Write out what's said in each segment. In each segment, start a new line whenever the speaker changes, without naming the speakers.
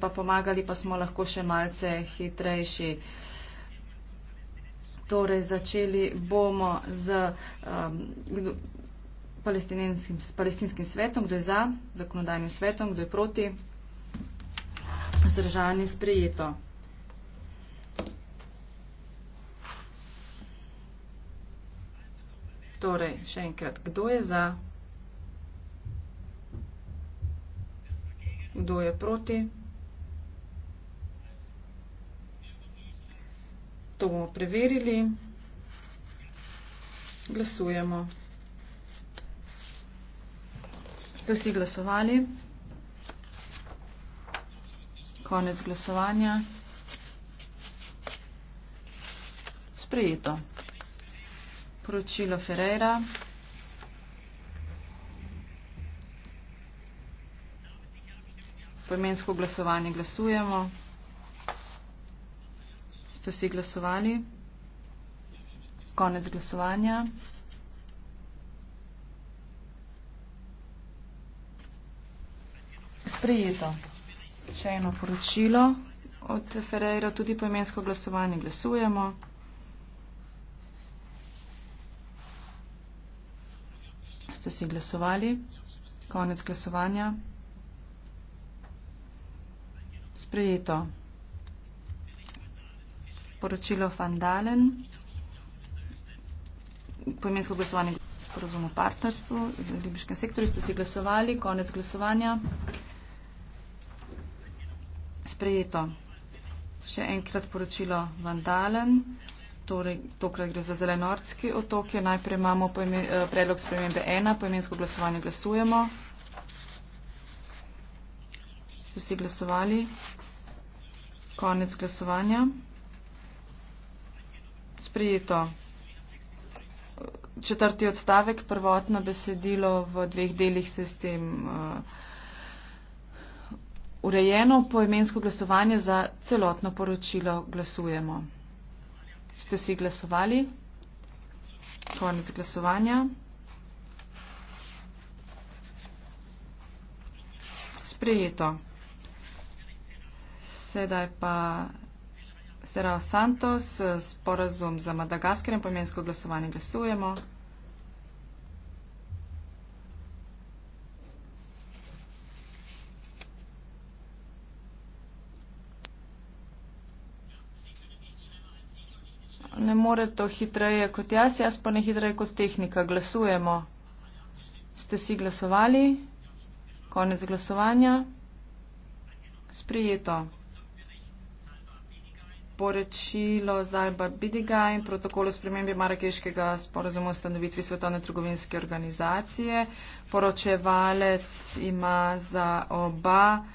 pa pomagali, pa smo lahko še malce hitrejši. Torej, začeli bomo z um, kdo, palestinskim, palestinskim svetom, kdo je za, zakonodajnim svetom, kdo je proti. Zdržanje sprejeto. Torej, še enkrat, kdo je za, kdo je proti. To bomo preverili. Glasujemo. Ste vsi glasovali? Konec glasovanja. Sprejeto. Poročilo Ferreira. Poimensko glasovanje glasujemo. Ste vsi glasovali? Konec glasovanja. Sprejeto. Še eno poročilo od Ferreira, tudi poimensko glasovanje. Glasujemo. Ste vsi glasovali? Konec glasovanja. Sprejeto poročilo Fandalen, pojmensko glasovanje sporozum o partnerstvu z libiškem sektorju. Ste si glasovali, konec glasovanja. Sprejeto. Še enkrat poročilo Vandalen, torej tokrat gre za zelenorski otok, kjer najprej imamo eh, predlog spremembe 1, pojmensko glasovanje glasujemo. Ste si glasovali, konec glasovanja sprijeto. Četrti odstavek, prvotno besedilo v dveh delih se s tem eh, urejeno poemensko glasovanje za celotno poročilo glasujemo. Ste vsi glasovali? Konec glasovanja. Sprejeto. Sedaj pa Serao Santos, sporazum za Madagaskarjem, pojmensko glasovanje glasujemo. Ne more to hitreje kot jaz, jaz pa ne hitreje kot tehnika. Glasujemo. Ste si glasovali? Konec glasovanja. Sprijeto poročilo Zalba Bidiga in protokol o spremembi Marakeškega sporozuma o ustanovitvi Svetovne trgovinske organizacije. Poročevalec ima za oba,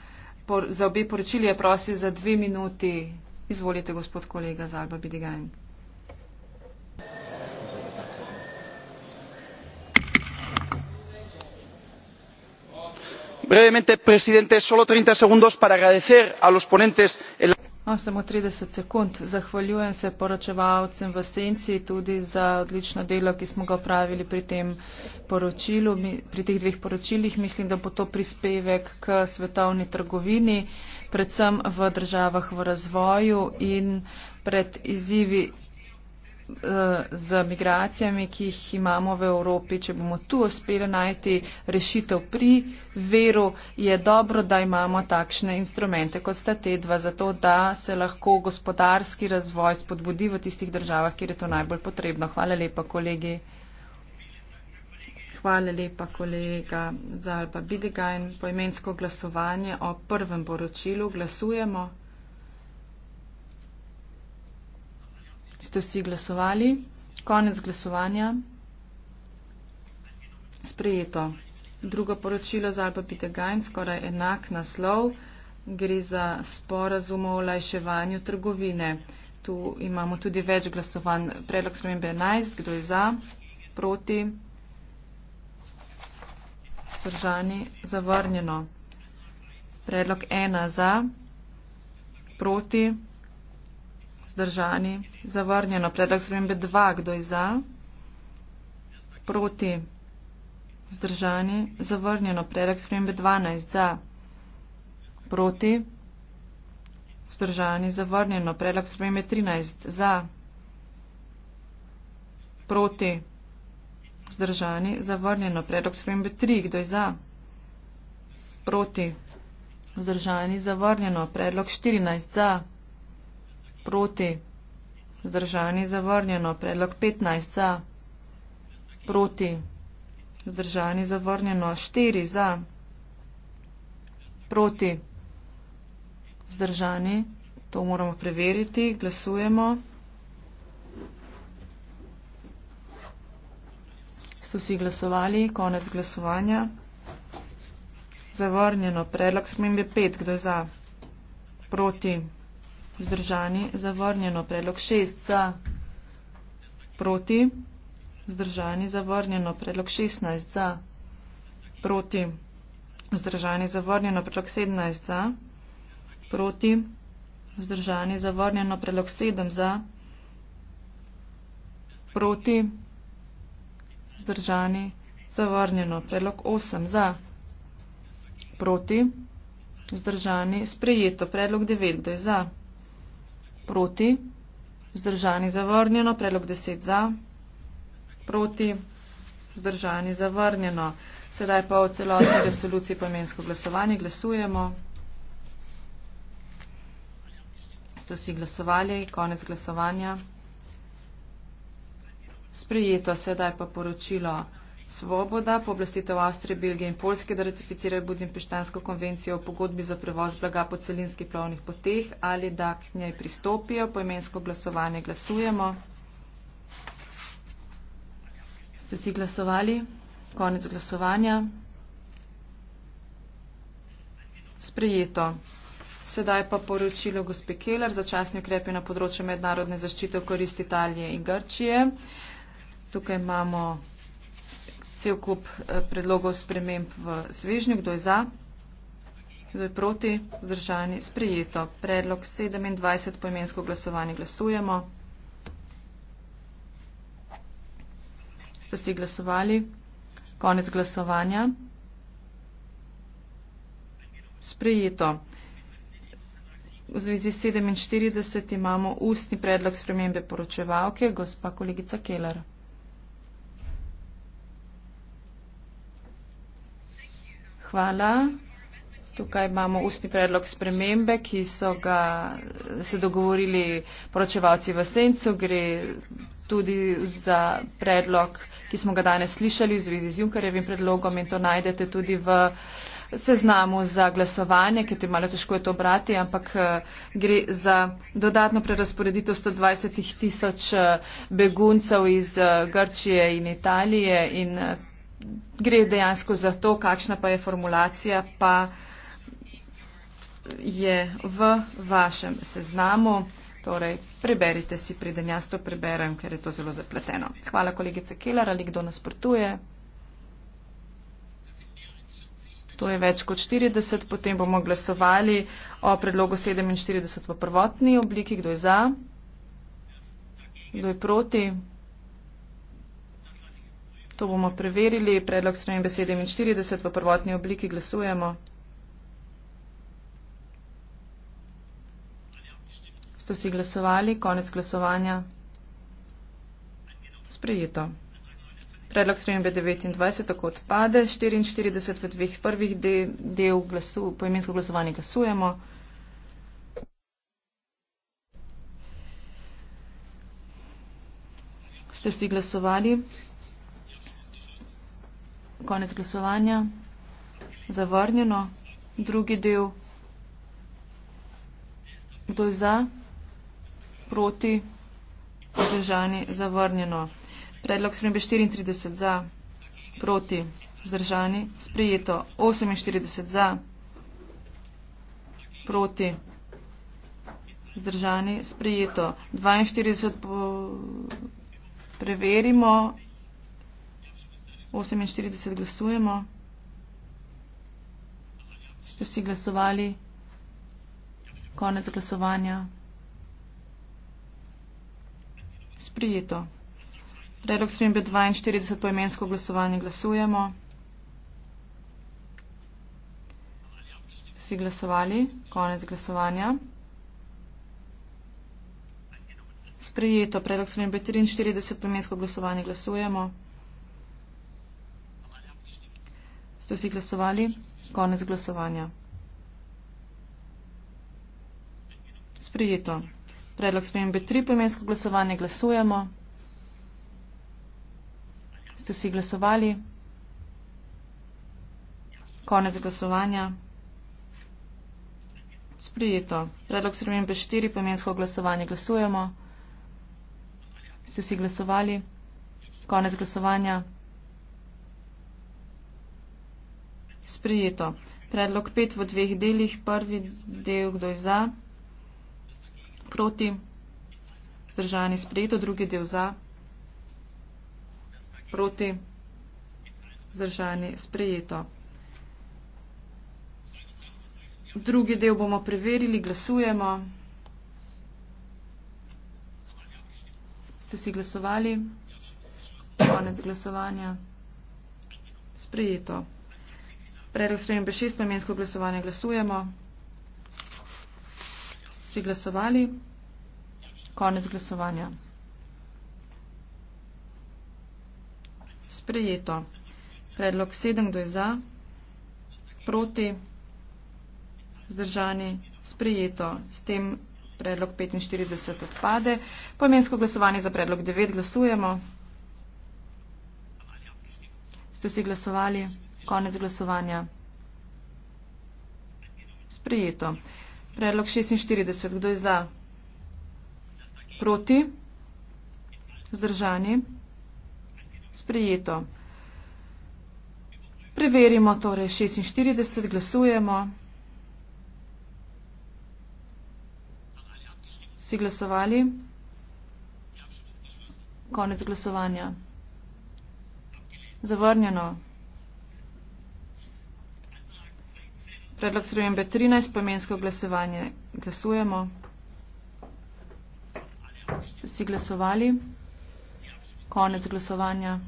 por, za obe poročili je prosil za dve minuti. Izvolite, gospod kolega Zalba Bidiga.
Brevemente, presidente, solo 30 segundos para agradecer a los ponentes el.
No, samo 30 sekund. Zahvaljujem se poročevalcem v senci tudi za odlično delo, ki smo ga opravili pri tem poročilu, pri teh dveh poročilih. Mislim, da bo to prispevek k svetovni trgovini, predvsem v državah v razvoju in pred izzivi Eh, z migracijami, ki jih imamo v Evropi. Če bomo tu uspeli najti rešitev pri veru, je dobro, da imamo takšne instrumente, kot sta te dva, zato da se lahko gospodarski razvoj spodbudi v tistih državah, kjer je to najbolj potrebno. Hvala lepa, kolegi. Hvala lepa, kolega Zalba Bidegajn. Poimensko glasovanje o prvem poročilu glasujemo. ste vsi glasovali. Konec glasovanja. Sprejeto. Drugo poročilo za Alpa Pitegajn, skoraj enak naslov, gre za sporazum o olajševanju trgovine. Tu imamo tudi več glasovanj. Predlog spremembe 11, kdo je za, proti, vzdržani, zavrnjeno. Predlog 1 za, proti, Zdržani. Zavrnjeno. Predlog spremembe 2. Kdo je za? Proti. Zdržani. Zavrnjeno. Predlog spremembe 12. Za. Proti. Zdržani. Zavrnjeno. Predlog spremembe 13. Za. Proti. Zdržani. Zavrnjeno. Predlog spremembe 3. Kdo je za? Proti. Zdržani. Zavrnjeno. Predlog 14. Za. Proti proti, vzdržani zavrnjeno, predlog 15 za, proti, vzdržani zavrnjeno, 4 za, proti, vzdržani, to moramo preveriti, glasujemo. So vsi glasovali, konec glasovanja. Zavrnjeno, predlog spremembe 5, kdo je za, proti, vzdržani. Vzdržani, zavrnjeno. Predlog šest za, proti. Vzdržani, zavrnjeno. Predlog šestnajst za, proti. Vzdržani, zavrnjeno. Predlog sedemnajst za, proti. Vzdržani, zavrnjeno. Predlog sedem za, proti. Vzdržani, zavrnjeno. Predlog osem za, proti. Vzdržani, sprejeto. Predlog devet, kdo je za? Proti. Vzdržani zavrnjeno. Predlog 10 za. Proti. Vzdržani zavrnjeno. Sedaj pa o celotni resoluciji pomensko glasovanje. Glasujemo. Ste vsi glasovali. Konec glasovanja. Sprijeto sedaj pa poročilo. Svoboda, pooblastitev Avstrije, Belgije in Polske, da ratificirajo Budimpeštansko konvencijo o pogodbi za prevoz blaga po celinskih plovnih poteh ali da k njej pristopijo. Po imensko glasovanje glasujemo. Ste vsi glasovali? Konec glasovanja. Sprejeto. Sedaj pa poročilo gospe Keller za časni ukrepi na področju mednarodne zaščite v korist Italije in Grčije. Tukaj imamo cel kup eh, predlogov sprememb v svežnju. Kdo je za? Kdo je proti? Zdržani sprejeto. Predlog 27 poimensko glasovanje glasujemo. Ste si glasovali? Konec glasovanja. Sprejeto. V zvezi 47 imamo ustni predlog spremembe poročevalke, gospa kolegica Keller. Hvala. Tukaj imamo ustni predlog spremembe, ki so ga se dogovorili poročevalci v Sencu. Gre tudi za predlog, ki smo ga danes slišali v zvezi z Junkarjevim predlogom in to najdete tudi v seznamu za glasovanje, ker te malo težko je to brati, ampak eh, gre za dodatno prerasporeditev 120 tisoč eh, beguncev iz eh, Grčije in Italije. In gre dejansko za to, kakšna pa je formulacija, pa je v vašem seznamu. Torej, preberite si, preden jaz to preberem, ker je to zelo zapleteno. Hvala, kolegica Keller, ali kdo nasprotuje. To je več kot 40, potem bomo glasovali o predlogu 47 v prvotni obliki. Kdo je za? Kdo je proti? To bomo preverili. Predlog spremembe 47 v prvotni obliki glasujemo. Ste vsi glasovali? Konec glasovanja. Sprejeto. Predlog spremembe 29 tako odpade. 44 v dveh prvih de, del glasu, poimensko glasovanje glasujemo. Ste vsi glasovali? konec glasovanja. Zavrnjeno. Drugi del. Kdo je za? Proti? Zdržani? Zavrnjeno. Predlog spremembe 34 za. Proti? Zdržani? Sprijeto. 48 za. Proti? Zdržani? Sprijeto. 42 po... preverimo. 48 glasujemo. Ste vsi glasovali? Konec glasovanja. Sprijeto. Predlog smembe 42 po imensko glasovanje glasujemo. Vsi glasovali? Konec glasovanja. Sprijeto. Predlog smembe 43 po imensko glasovanje glasujemo. Ste vsi glasovali? Konec glasovanja. Sprijeto. Predlog spremembe 3 poimensko glasovanje glasujemo. Ste vsi glasovali? Konec glasovanja. Sprijeto. Predlog spremembe 4 poimensko glasovanje glasujemo. Ste vsi glasovali? Konec glasovanja. Sprijeto. Predlog pet v dveh delih. Prvi del, kdo je za, proti, zdržani sprijeto. Drugi del za, proti, zdržani sprijeto. Drugi del bomo preverili, glasujemo. Ste vsi glasovali? Konec glasovanja. Sprijeto. Predlog spremembe šest premensko glasovanje glasujemo. Vsi glasovali? Konec glasovanja. Sprejeto. Predlog sedem, kdo je za? Proti? Zdržani? Sprejeto. S tem predlog 45 odpade. Pojmensko glasovanje za predlog 9 glasujemo. Ste vsi glasovali? Konec glasovanja. Sprijeto. Predlog 46. Kdo je za? Proti? Zdržani? Sprijeto. Preverimo torej 46. Glasujemo. Vsi glasovali? Konec glasovanja. Zavrnjeno. Predlog spremembe 13, pomensko glasovanje. Glasujemo. Ste vsi glasovali? Konec glasovanja.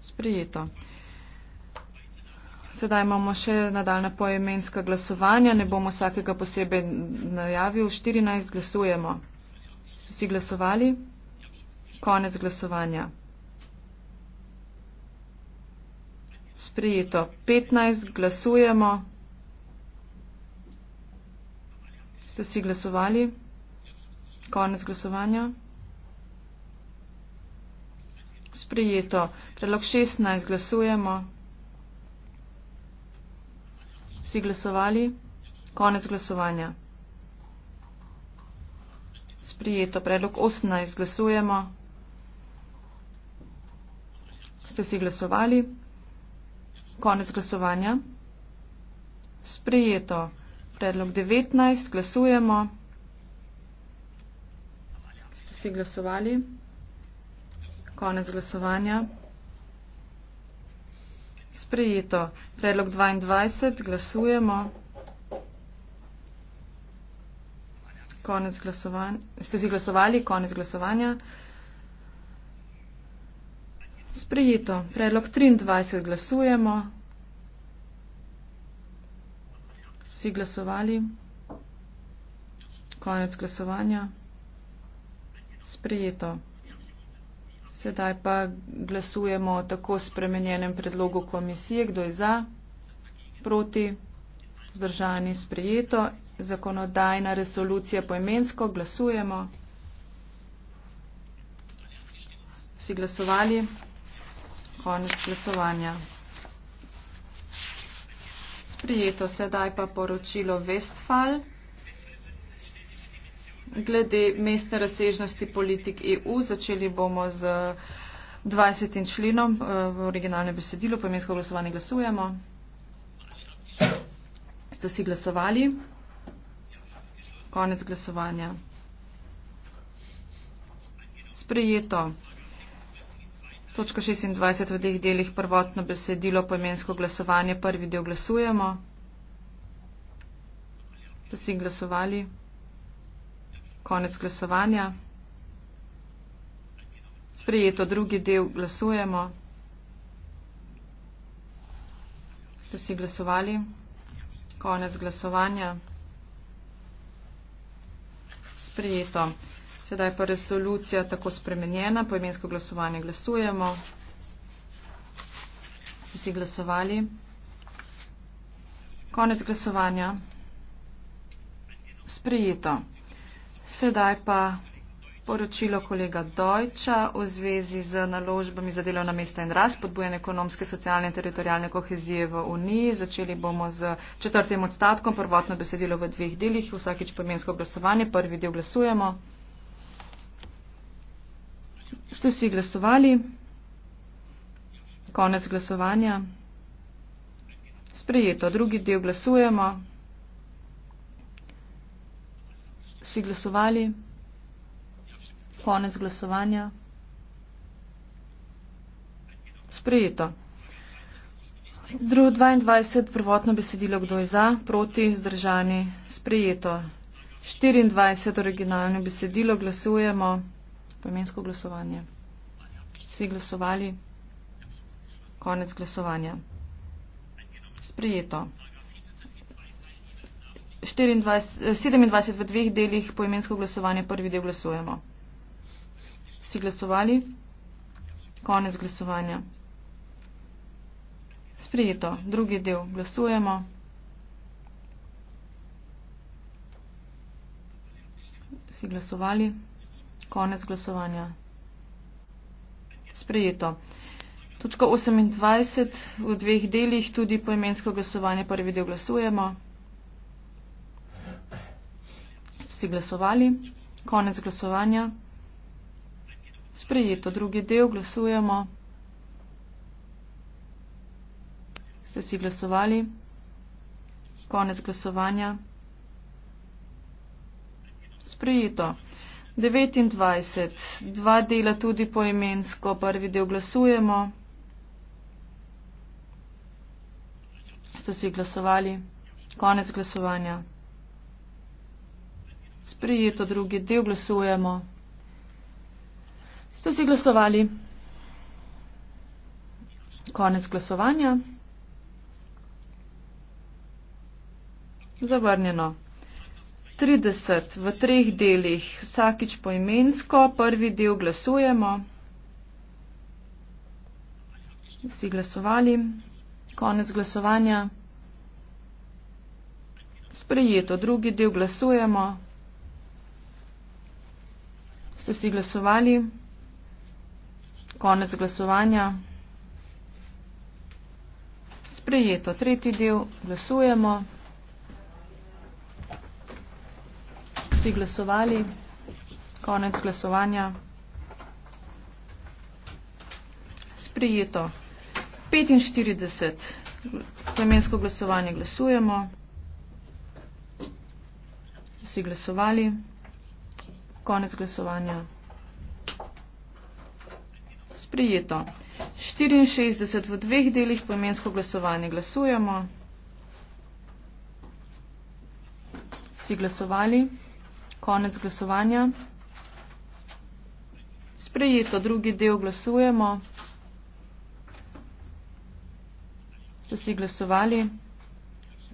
Sprijeto. Sedaj imamo še nadaljna poemenska glasovanja. Ne bom vsakega posebej najavil. 14 glasujemo. Ste vsi glasovali? Konec glasovanja. Sprejeto. 15 glasujemo. Ste vsi glasovali? Konec glasovanja. Sprejeto. Predlog 16 glasujemo. Vsi glasovali? Konec glasovanja. Sprijeto. Predlog 18. Glasujemo. Ste vsi glasovali? Konec glasovanja. Sprejeto. Predlog 19. Glasujemo. Ste si glasovali? Konec glasovanja. Sprejeto. Predlog 22. Glasujemo. Konec glasovanja. Ste si glasovali? Konec glasovanja. Sprejeto. Predlog 23 glasujemo. Vsi glasovali. Konec glasovanja. Sprejeto. Sedaj pa glasujemo o tako spremenjenem predlogu komisije. Kdo je za? Proti? Zdržani? Sprejeto. Zakonodajna resolucija poimensko. Glasujemo. Vsi glasovali konec glasovanja. Sprijeto sedaj pa poročilo Vestfal glede mestne razsežnosti politik EU. Začeli bomo z 20. členom eh, v originalnem besedilu, poimensko glasovanje glasujemo. Ste vsi glasovali? Konec glasovanja. Sprijeto. Točka 26 v teh delih prvotno besedilo poimensko glasovanje, prvi del glasujemo. Ste si glasovali? Konec glasovanja. Sprejeto drugi del glasujemo. Ste si glasovali? Konec glasovanja. Sprejeto. Sedaj pa resolucija tako spremenjena, poimensko glasovanje glasujemo. So vsi glasovali? Konec glasovanja. Sprijeto. Sedaj pa poročilo kolega Dojča v zvezi z naložbami za delovna mesta in rast, podbujanje ekonomske, socialne in teritorijalne kohezije v Uniji. Začeli bomo z četrtim odstatkom, prvotno besedilo v dveh delih, vsakič poimensko glasovanje, prvi del glasujemo ste si glasovali, konec glasovanja, sprejeto, drugi del glasujemo, si glasovali, konec glasovanja, sprejeto. Drugo 22, prvotno besedilo, kdo je za, proti, zdržani, sprejeto. 24, originalno besedilo, glasujemo poimensko glasovanje. Vsi glasovali. Konec glasovanja. Sprejeto. 24, 27 eh, v dveh delih poimensko glasovanje. Prvi del glasujemo. Vsi glasovali. Konec glasovanja. Sprejeto. Drugi del glasujemo. Vsi glasovali. Konec glasovanja. Sprejeto. Točka 28 v dveh delih, tudi po imensko glasovanje, prvi del glasujemo. Vsi glasovali. Konec glasovanja. Sprejeto. Drugi del glasujemo. Ste vsi glasovali. Konec glasovanja. Sprejeto. 29. Dva dela tudi poimensko, prvi del glasujemo. Ste si glasovali? Konec glasovanja. Sprijeto drugi del glasujemo. Ste si glasovali? Konec glasovanja. Zavrnjeno. 30 v treh delih, vsakič poimensko, prvi del glasujemo. Vsi glasovali, konec glasovanja. Sprejeto, drugi del glasujemo. Ste vsi glasovali, konec glasovanja. Sprejeto, tretji del glasujemo. vsi glasovali. Konec glasovanja. Sprijeto. 45. Plemensko glasovanje glasujemo. Vsi glasovali. Konec glasovanja. Sprijeto. 64 v dveh delih poimensko glasovanje glasujemo. Vsi glasovali. Konec glasovanja. Sprejeto drugi del glasujemo. Ste vsi glasovali?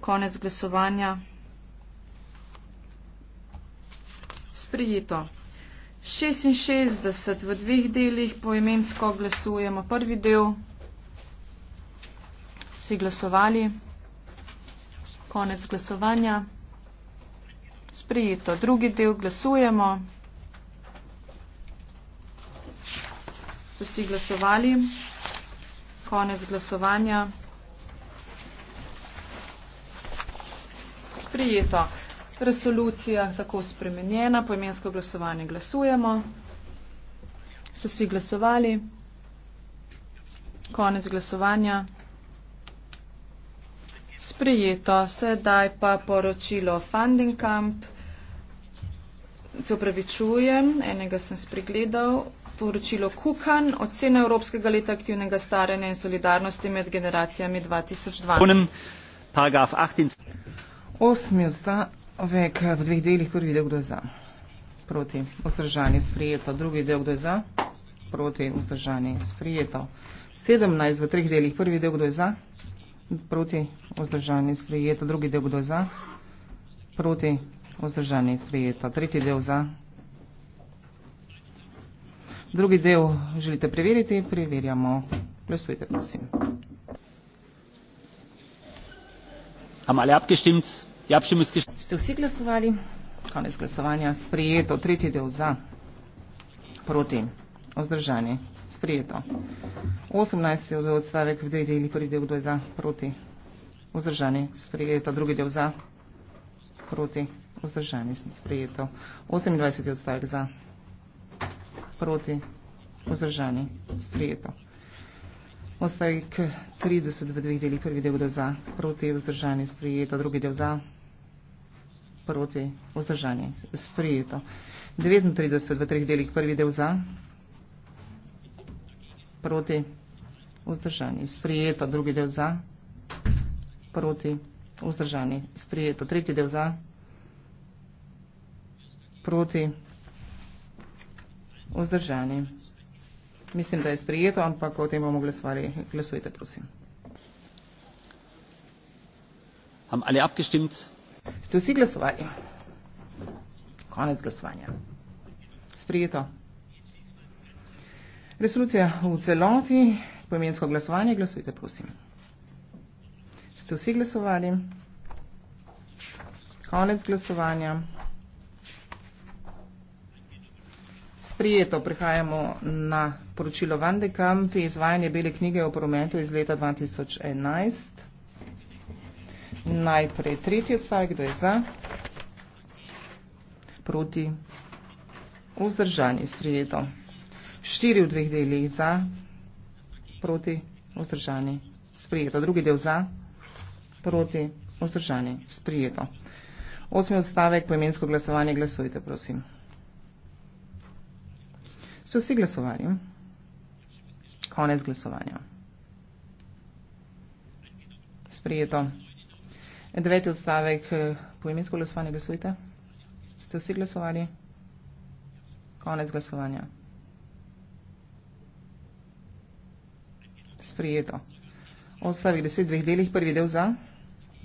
Konec glasovanja. Sprejeto. 66 v dveh delih poimensko glasujemo. Prvi del. Vsi glasovali? Konec glasovanja. Sprijeto. Drugi del glasujemo. So vsi glasovali. Konec glasovanja. Sprijeto. Resolucija tako spremenjena. Poimensko glasovanje glasujemo. So vsi glasovali. Konec glasovanja. Sprijeto. Sedaj pa poročilo Funding Camp. Se upravičujem, enega sem spregledal. Poročilo Kukan, ocena Evropskega leta aktivnega staranja in solidarnosti med generacijami 2002. Osmi
odstavek v dveh delih, prvi del, kdo je za, proti, vzdržanje sprijeto, drugi del, kdo je za, proti, vzdržanje sprijeto. 17 v treh delih, prvi del, kdo je za. Proti vzdržani je sprejeto. Drugi del bodo za. Proti vzdržani je sprejeto. Tretji del za. Drugi del želite preveriti? Preverjamo. Glasujte, prosim. Ste vsi glasovali? Konec glasovanja. Sprejeto. Tretji del za. Proti vzdržani je sprejeto. Sprijeto. 18 je za odstavek v dveh delih, prvi del kdo je za, proti, vzdržani, sprijeto, drugi del za, proti, vzdržani, sprijeto. 28 je odstavek za, proti, vzdržani, sprijeto. Odstavek 30 v dveh delih, prvi del kdo je za, proti, vzdržani, sprijeto, drugi del za, proti, vzdržani, sprijeto. 39 v treh delih, prvi del za, proti, vzdržani, sprijeto proti vzdržani, sprijeta drugi del za, proti vzdržani, sprijeta tretji del za, proti vzdržani. Mislim, da je sprijeto, ampak o tem bomo glasovali. Glasujte, prosim. Ste vsi glasovali? Konec glasovanja. Sprijeto. Resolucija v celoti, pomensko glasovanje, glasujte prosim. Ste vsi glasovali? Konec glasovanja. Sprijeto prihajamo na poročilo Van de Kamp, izvajanje bele knjige o prometu iz leta 2011. Najprej tretji odstavek, kdo je za? Proti? Vzdržani sprijeto. 4 v dveh delih za, proti, vzdržani, sprijeto. Drugi del za, proti, vzdržani, sprijeto. Osmi odstavek, poimensko glasovanje, glasujte, prosim. So vsi glasovali? Konec glasovanja. Sprijeto. Deveti odstavek, poimensko glasovanje, glasujte. Ste vsi glasovali? Konec glasovanja. sprijeto. Odstavek 10 dveh delih, prvi del za,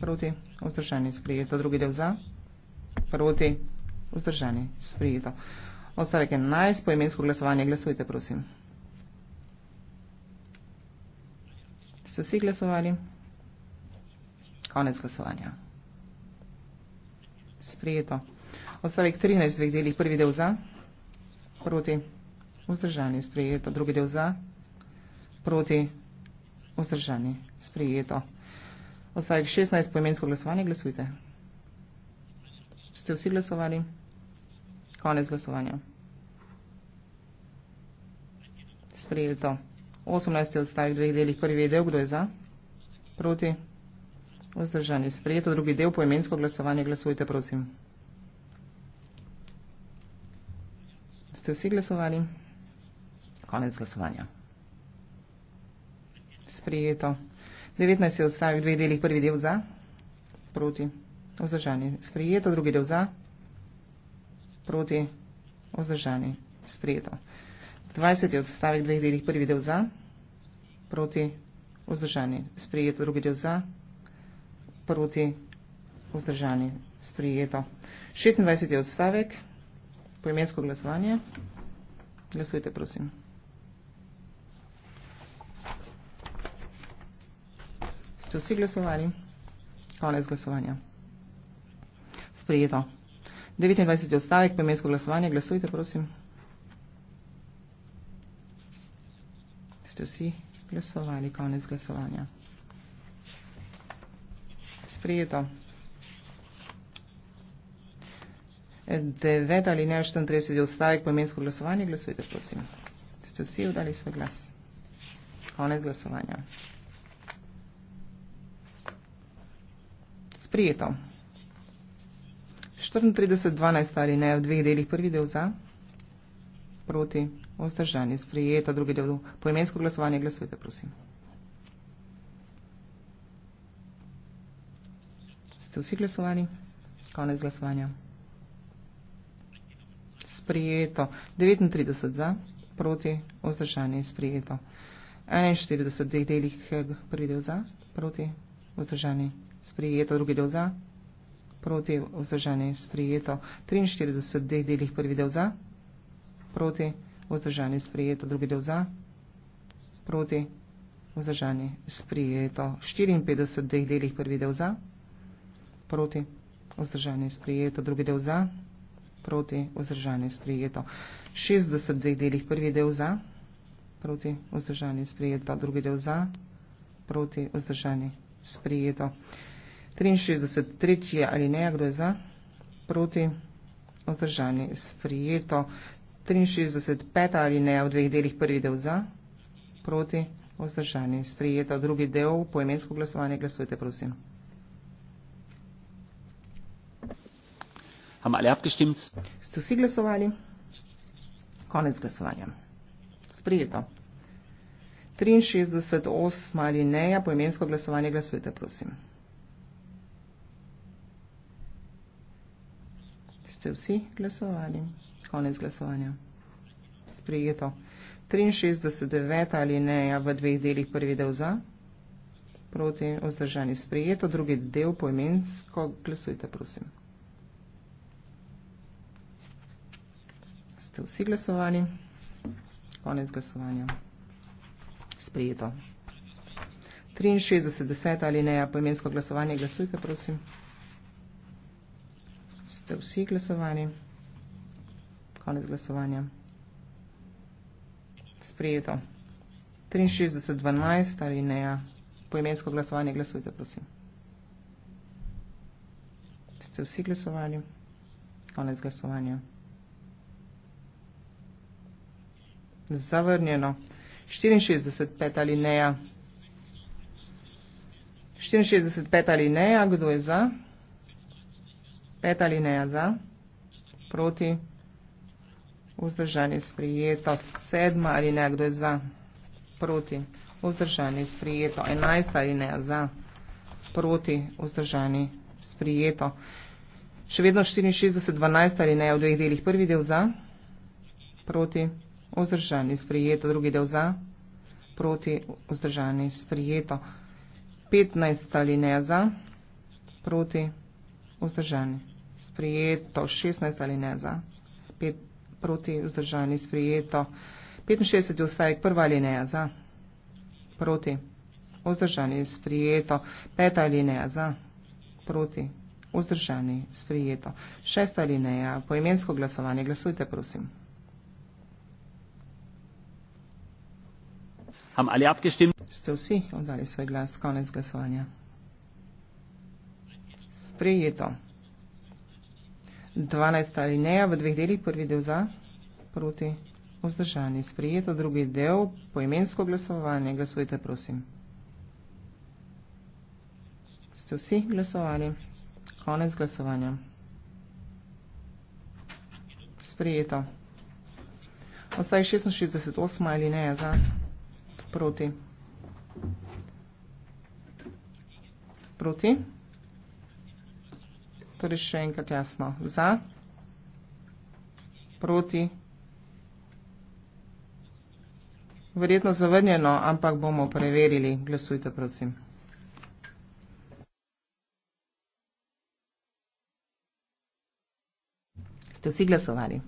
proti, vzdržani, sprijeto, drugi del za, proti, vzdržani, sprijeto. Odstavek 11, poimensko glasovanje, glasujte, prosim. Ste vsi glasovali? Konec glasovanja. Sprijeto. Odstavek 13 dveh delih, prvi del za, proti, vzdržani, sprijeto, drugi del za, proti, vzdržani, sprijeto. Vzdržani. Sprijeto. Ostalih 16 poimensko glasovanje. Glasujte. Ste vsi glasovali? Konec glasovanja. Sprijeto. 18. odstavek dveh delih. Prvi del, kdo je za? Proti? Vzdržani. Sprijeto. Drugi del, poimensko glasovanje. Glasujte, prosim. Ste vsi glasovali? Konec glasovanja. Sprijeto. 19 je odstavil dve delih. Prvi del za, proti, vzdržani. Sprijeto, drugi del za, proti, vzdržani. Sprijeto. 20 je odstavil dve delih. Prvi del za, proti, vzdržani. Sprijeto, drugi del za, proti, vzdržani. Sprijeto. 26 je odstavek, poimensko glasovanje. Glasujte, prosim. Ste vsi glasovali? Konec glasovanja. Sprijeto. 29. ostavek, premijesko glasovanje. Glasujte, prosim. Ste vsi glasovali? Konec glasovanja. Sprijeto. 9. ali ne, 34. ostavek, premijesko glasovanje. Glasujte, prosim. Ste vsi vdali svoj glas? Konec glasovanja. Sprijeto. sprijeto. 34.12. ali ne, v dveh delih, prvi del za, proti, ostržanje, sprijeto, drugi del, poimensko glasovanje, glasujte, prosim. Ste vsi glasovali? Konec glasovanja. Sprijeto. 39 za, proti, ostržanje, sprijeto. 41 delih, prvi del za, proti, ostržanje, sprijeto, drugi del za, proti, vzdržanje, sprijeto, 43 D delih prvi del za, proti, vzdržanje, sprijeto, drugi del za, proti, vzdržanje, sprijeto, 54 D delih prvi del za, proti, vzdržanje, sprijeto, drugi del za, proti, vzdržanje, sprijeto, 60 D delih prvi del za, proti, vzdržanje, sprijeto, drugi del za, proti, vzdržanje, sprijeto, 63, tretji ali ne, kdo je za, proti, vzdržani, sprijeto, 63, peta ali ne, v dveh delih prvi del za, proti, vzdržani, sprijeto, drugi del, poemensko glasovanje, glasujte, prosim. Ste vsi glasovali? Konec glasovanja. Sprijeto. 63, 8 ali ne, poemensko glasovanje, glasujte, prosim. ste vsi glasovali. Konec glasovanja. Sprijeto. 63, ali ne, ja, v dveh delih prvi del za, proti, ozdržani sprijeto, drugi del poimensko, glasujte, prosim. Ste vsi glasovali? Konec glasovanja. Sprijeto. 63, 10, ali ne, ja, poimensko glasovanje, glasujte, prosim ste vsi glasovali. Konec glasovanja. Sprejeto. 63.12 ali neja. Poimensko glasovanje glasujte, prosim. Ste vsi glasovali. Konec glasovanja. Zavrnjeno. 64.5 ali neja. 64.5 ali neja. Kdo je za? Kdo je za? Peta linija za, proti, vzdržanje sprijeto. Sedma linija, kdo je za, proti, vzdržanje sprijeto. Enajsta linija za, proti, vzdržanje sprijeto. Še vedno 64, 12 linija v dveh delih. Prvi del za, proti, vzdržanje sprijeto. Drugi del za, proti, vzdržanje sprijeto. 15 linija za, proti, vzdržanje sprijeto sprijeto 16 ali ne za, 5 proti vzdržani sprijeto, 65 je ustajek prva ali ne za, proti vzdržani sprijeto, peta ali ne za, proti vzdržani sprijeto, šesta ali ne za, poimensko glasovanje, glasujte prosim. Ste vsi oddali svoj glas, konec glasovanja. Sprejeto. 12. alineja v dveh delih, prvi del za, proti, vzdržani, sprijeto, drugi del, poimensko glasovanje, glasujte prosim. Ste vsi glasovali? Konec glasovanja. Sprijeto. Ostaje 668 alineja za, proti, proti. Proti. Torej še enkrat jasno. Za, proti, verjetno zavrnjeno, ampak bomo preverili. Glasujte, prosim. Ste vsi glasovali?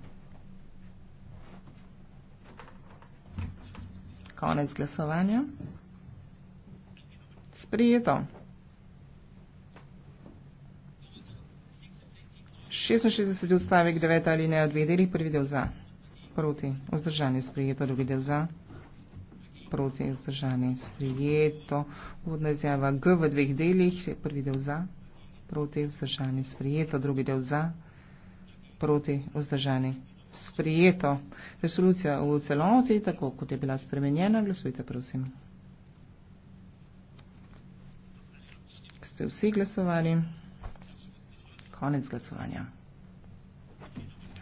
Konec glasovanja. Sprijeto. 66 odstavek 9 ali ne od vedeli, prvi del za, proti, vzdržanje sprejeto, drugi del za, proti, vzdržanje sprejeto, vodna izjava G v dveh delih, prvi del za, proti, vzdržanje sprejeto, drugi del za, proti, vzdržanje sprejeto. Resolucija v celoti, tako kot je bila spremenjena, glasujte prosim. Ste vsi glasovali? Konec glasovanja.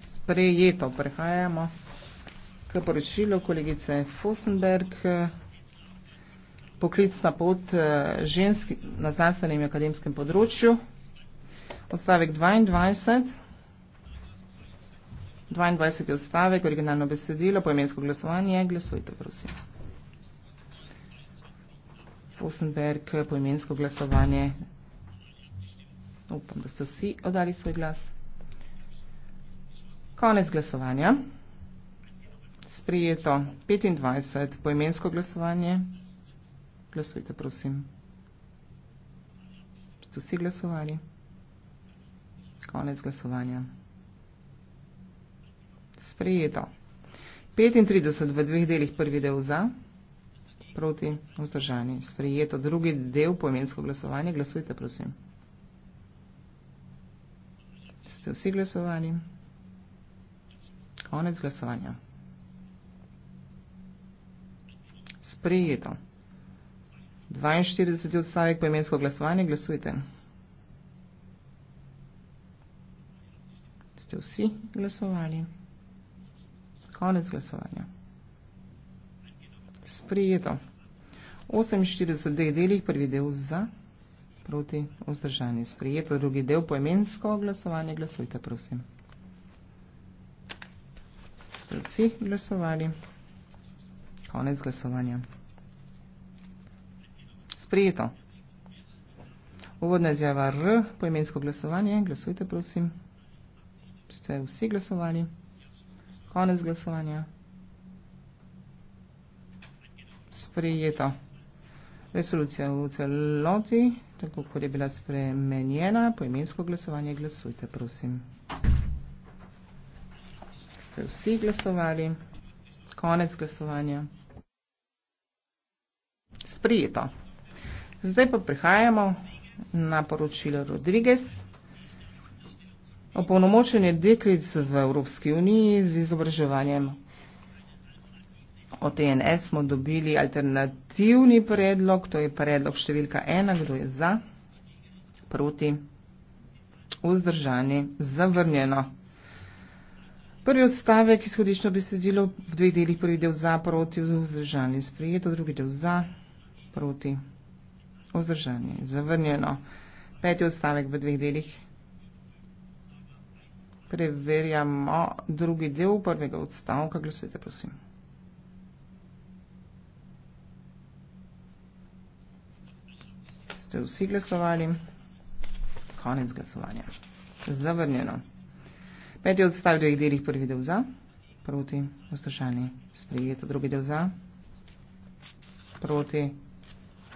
Sprejeto. Prehajamo k poročilu kolegice Fosenberg. Poklicna pot eh, ženski na znanstvenem akademskem področju. Ostavek 22. 22. ostavek, originalno besedilo, poimensko glasovanje. Glasujte, prosim. Fosenberg, poimensko glasovanje. Glasujte. Upam, da ste vsi oddali svoj glas. Konec glasovanja. Sprijeto 25 poimensko glasovanje. Glasujte, prosim. Ste vsi glasovali? Konec glasovanja. Sprijeto. 35 v dveh delih prvi del za, proti vzdržani. Sprijeto drugi del poimensko glasovanje. Glasujte, prosim ste vsi glasovali. Konec glasovanja. Sprejeto. 42. odstavek poimensko glasovanje. Glasujte. Ste vsi glasovali. Konec glasovanja. Sprejeto. 48 delih, prvi del za proti, vzdržani, sprijeto. Drugi del poemensko glasovanje, glasujte, prosim. Ste vsi glasovali? Konec glasovanja. Sprijeto. Uvodna izjava R, poemensko glasovanje, glasujte, prosim. Ste vsi glasovali? Konec glasovanja. Sprijeto resolucija v celoti, tako kot je bila spremenjena, poimensko glasovanje, glasujte, prosim. Ste vsi glasovali? Konec glasovanja. Sprijeto. Zdaj pa prihajamo na poročilo Rodriguez. Opolnomočenje deklic v Evropski uniji z izobraževanjem od DNS e smo dobili alternativni predlog, to je predlog številka ena, kdo je za, proti, vzdržani, zavrnjeno. Prvi odstavek izhodiščno besedilo v dveh delih, prvi del za, proti, vzdržani, sprijeto, drugi del za, proti, vzdržani, zavrnjeno. Peti odstavek v dveh delih. Preverjamo drugi del prvega odstavka. Glasujte, prosim. ste vsi glasovali. Konec glasovanja. Zavrnjeno. Peti odstavek dveh delih, prvi del za, proti, vzdržani, sprijeto, drugi del za, proti,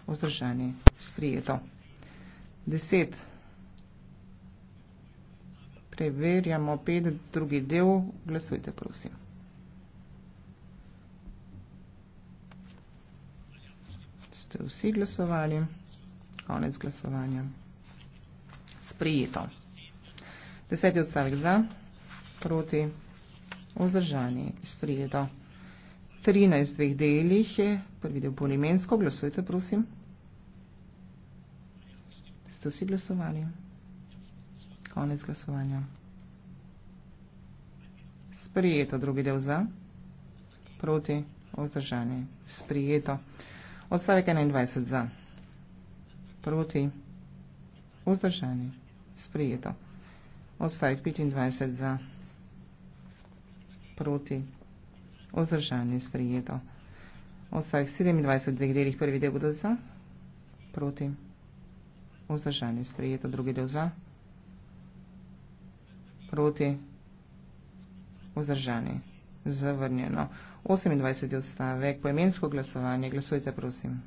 vzdržani, sprijeto. Deset. Preverjamo pet, drugi del, glasujte, prosim. Ste vsi glasovali? Konec glasovanja. Sprijeto. Deseti odstavek za, proti, vzdržani. Sprijeto. 13 dveh delih je, prvi del bolj imensko, glasujte prosim. Ste vsi glasovali? Konec glasovanja. Sprijeto, drugi del za, proti, vzdržani. Sprijeto. Odstavek 21 za. Proti? Vzdržani. Sprijeto. Odstavek 25 za. Proti? Vzdržani. Sprijeto. Odstavek 27 v dveh delih. Prvi del bodo za. Proti? Vzdržani. Sprijeto. Drugi del za. Proti? Vzdržani. Zavrnjeno. 28. odstavek. Poemensko glasovanje. Glasujte, prosim.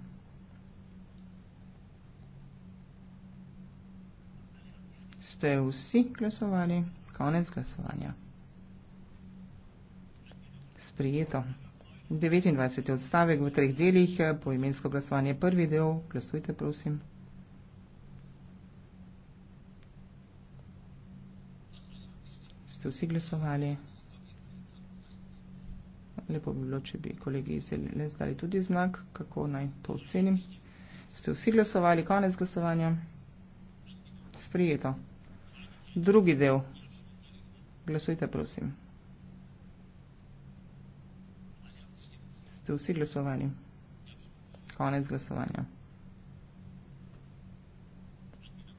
ste vsi glasovali, konec glasovanja. Sprijeto. 29. odstavek v treh delih, poimensko glasovanje prvi del, glasujte prosim. Ste vsi glasovali? Lepo bi bilo, če bi kolegi izdelili zdali tudi znak, kako naj to ocenim. Ste vsi glasovali, konec glasovanja? Sprijeto drugi del. Glasujte, prosim. Ste vsi glasovali? Konec glasovanja.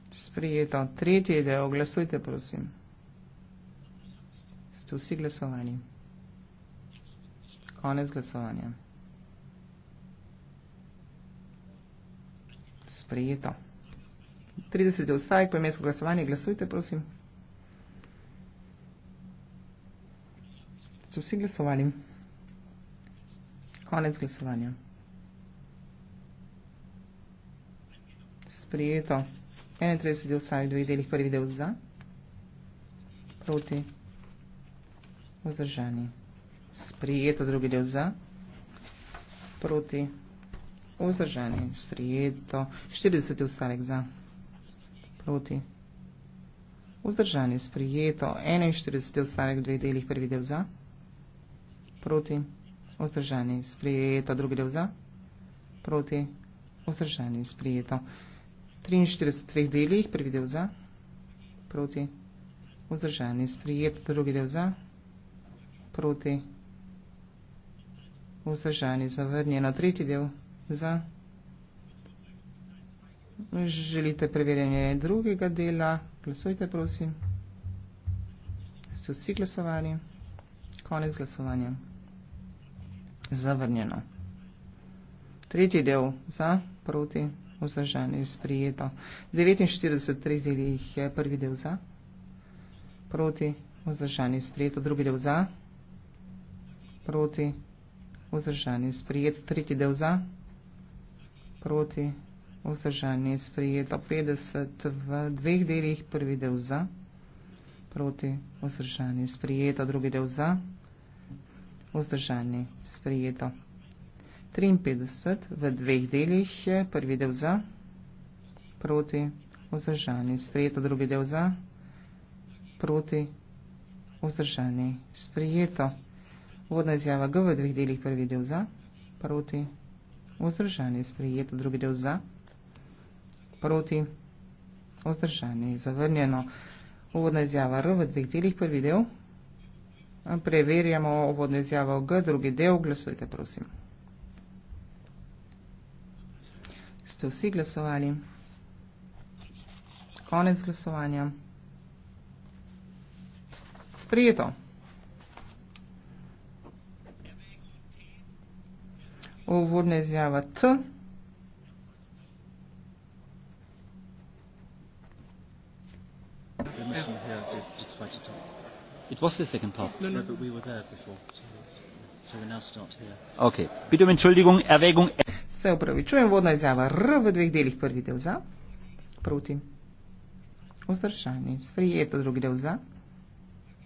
Sprijeto. Tretji del. Glasujte, prosim. Ste vsi glasovali? Konec glasovanja. Sprijeto. 30 odstavek, premijsko glasovanje, glasujte, prosim. So vsi glasovali? Konec glasovanja. Sprijeto. 31 odstavek, dveh delih, prvi del za, proti, vzdržani. Sprijeto, drugi del za, proti, vzdržani. Sprijeto, 40 odstavek za proti. Vzdržanje sprijeto. 41. stavek 2 delih prvi del za. Proti. Vzdržanje sprijeto. Drugi del za. Proti. Vzdržanje sprijeto. 43. delih prvi del za. Proti. Vzdržanje sprijeto. Drugi del za. Proti. Vzdržanje zavrnjeno. Tretji del za. Proti. Želite preverjanje drugega dela? Glasujte, prosim. Ste vsi glasovali? Konec glasovanja. Zavrnjeno. Tretji del za, proti, vzdržanje, sprijeto. 49 tretjih je prvi del za, proti, vzdržanje, sprijeto. Drugi del za, proti, vzdržanje, sprijeto. Tretji del za, proti, vzdržanje vzdržanje je sprejeto 50 v dveh delih, prvi del za, proti vzdržanje je sprejeto, drugi del za, vzdržanje je sprejeto 53 v dveh delih, prvi del za, proti vzdržanje je sprejeto, drugi del za, proti vzdržanje je sprejeto. Vodna izjava G v dveh delih, prvi del za, proti vzdržanje je sprejeto, drugi del za, proti vzdržanje je sprejeto proti, vzdržani, zavrnjeno. Uvodna izjava R v dveh delih, prvi del. Preverjamo uvodno izjavo G, drugi del. Glasujte, prosim. Ste vsi glasovali? Konec glasovanja. Sprijeto. Uvodna izjava T. way to talk. It was the second part. No, no, but
we were there before. So we now start here.
Okay. Bitte um Entschuldigung, Erwägung. Se upravičujem, vodna izjava R v dveh delih. Prvi del za, proti. Vzdržanje, sprijeto. Drugi del za,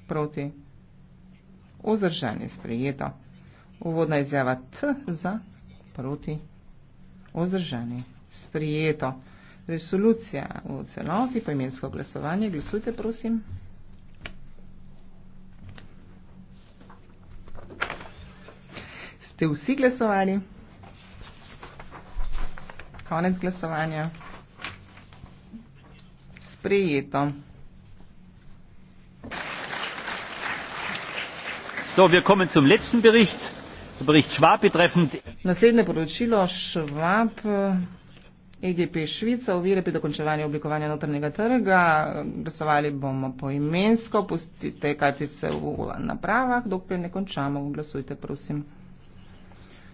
proti. Vzdržanje, sprijeto. Uvodna izjava T za, proti. Vzdržanje, sprijeto. Resolucija v celoti, poimensko glasovanje. Glasujte, prosim. ste vsi glasovali. Konec glasovanja. Sprejeto.
So, wir kommen zum letzten Bericht. Bericht Schwab betreffend.
Naslednje poročilo Schwab. EGP Švica, ovire pri dokončevanju oblikovanja notrnega trga. Glasovali bomo poimensko, pustite kartice v napravah, dokler ne končamo. Glasujte, prosim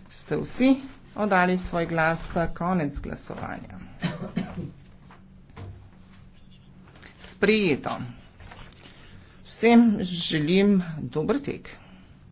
ste vsi oddali svoj glas za konec glasovanja. Sprijeto. Vsem želim dober tek.